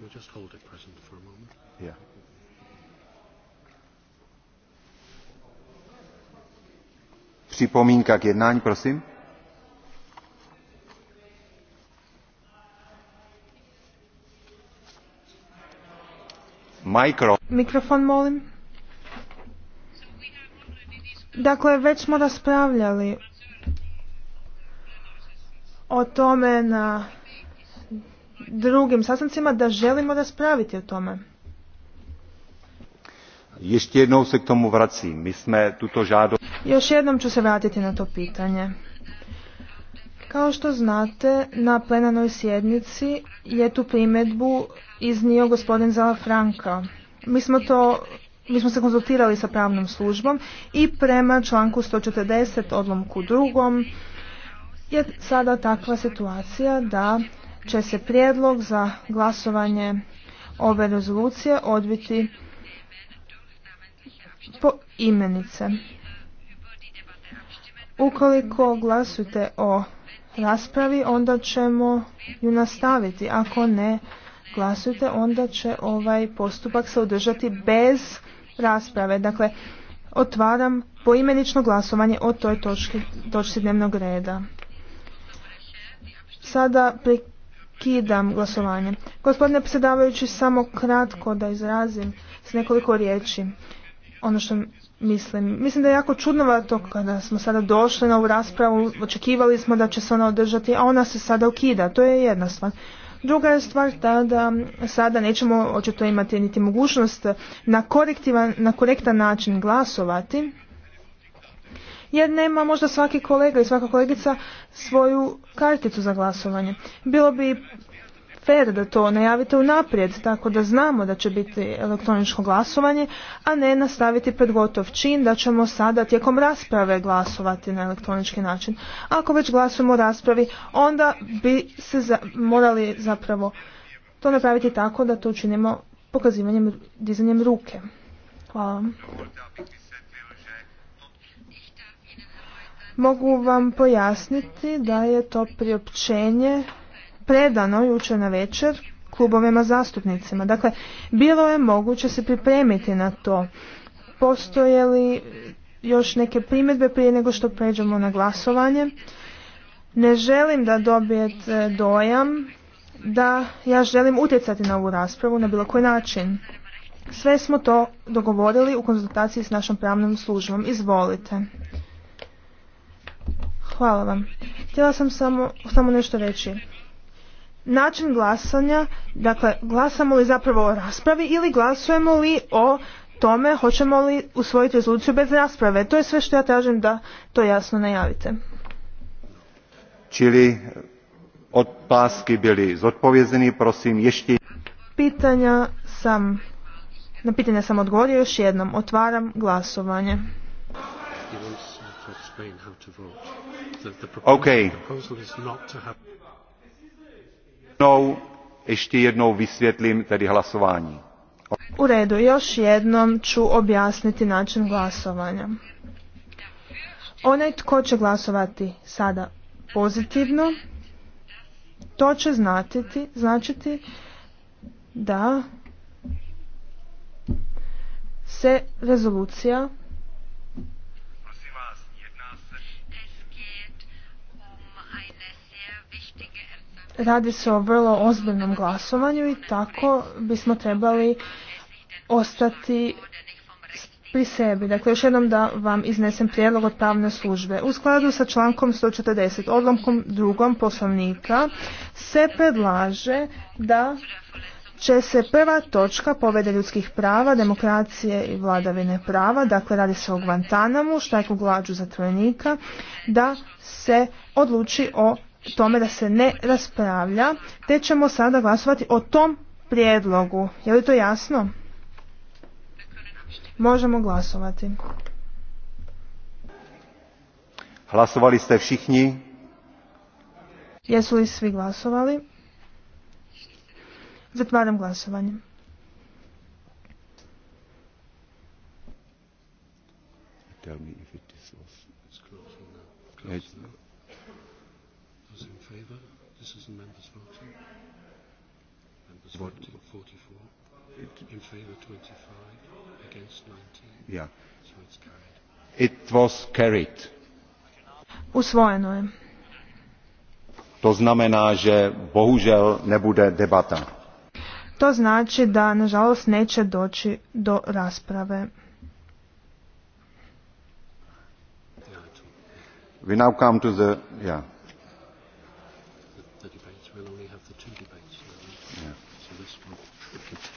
We'll just hold it present for a moment. Yeah. Připomínka k jednání, prosím. Mikro. Mikrofon, molim. Dakle, već smo raspravljali o tome na drugim sastancima da želimo raspraviti o tome. Ještě jednou se k tomu vracím. My jsme tuto Još jednom ću se vratiti na to pitanje. Kao što znate, na plenarnoj sjednici je tu primjedbu iznio gospodin Zala Franka. Mi smo to mi smo se konzultirali sa pravnom službom i prema članku 140 odlomku drugom je sada takva situacija da će se prijedlog za glasovanje ove rezolucije odbiti po imenice. Ukoliko glasujete o raspravi, onda ćemo ju nastaviti. Ako ne glasujete, onda će ovaj postupak se održati bez rasprave. Dakle, otvaram poimenično glasovanje o toj točki, točci dnevnog reda. Sada pri Kidam glasovanje. Gospodine predsjedavajući, samo kratko da izrazim s nekoliko riječi ono što mislim. Mislim da je jako čudnovato kada smo sada došli na ovu raspravu, očekivali smo da će se ona održati, a ona se sada ukida. To je jedna stvar. Druga je stvar ta da sada nećemo očito imati niti mogućnost na, na korektan način glasovati jer nema možda svaki kolega i svaka kolegica svoju karticu za glasovanje. Bilo bi fer da to najavite unaprijed, tako da znamo da će biti elektroničko glasovanje, a ne nastaviti pred gotov čin da ćemo sada tijekom rasprave glasovati na elektronički način. Ako već glasujemo o raspravi, onda bi se morali zapravo to napraviti tako da to učinimo pokazivanjem, dizanjem ruke. Hvala vam. Mogu vam pojasniti da je to priopćenje predano jučer na večer klubovima zastupnicima. Dakle, bilo je moguće se pripremiti na to. Postoje li još neke primjedbe prije nego što pređemo na glasovanje? Ne želim da dobijete dojam da ja želim utjecati na ovu raspravu na bilo koji način. Sve smo to dogovorili u konzultaciji s našom pravnom službom. Izvolite. Hvala vam. Htjela sam samo, samo nešto reći. Način glasanja, dakle glasamo li zapravo o raspravi ili glasujemo li o tome hoćemo li usvojiti rezoluciju bez rasprave. To je sve što ja tražim da to jasno najavite. Čili otpaski bili zodpovjezeni, prosim, ješti... Pitanja sam, na pitanja sam odgovorio još jednom. Otvaram glasovanje to explain how to vote. The, the proposal, okay. proposal is not to have... No, ještě jednou vysvětlím tedy hlasování. U redu, još jednom ću objasniti način glasovanja. Onaj tko će glasovati sada pozitivno, to će znatiti, značiti da se rezolucija Radi se o vrlo ozbiljnom glasovanju i tako bismo trebali ostati pri sebi. Dakle, još jednom da vam iznesem prijedlog od pravne službe. U skladu sa člankom 140 odlomkom drugom poslovnika se predlaže da će se prva točka povede ljudskih prava, demokracije i vladavine prava, dakle radi se o Guantanamu, štajku glađu zatvorenika, da se odluči o tome da se ne raspravlja, te ćemo sada glasovati o tom prijedlogu. Je li to jasno? Možemo glasovati. Hlasovali ste všichni? Jesu li svi glasovali? Zatvaram glasovanje favor? This is members vote. Members What? voting 44. In favor 25. Against 19. Yeah. So it's carried. It was carried. Usvojeno je. To znamená, že bohužel nebude debata. To znači da, nažalost, neće doći do rasprave. We now come to the... Yeah the two debates Yeah. So this one.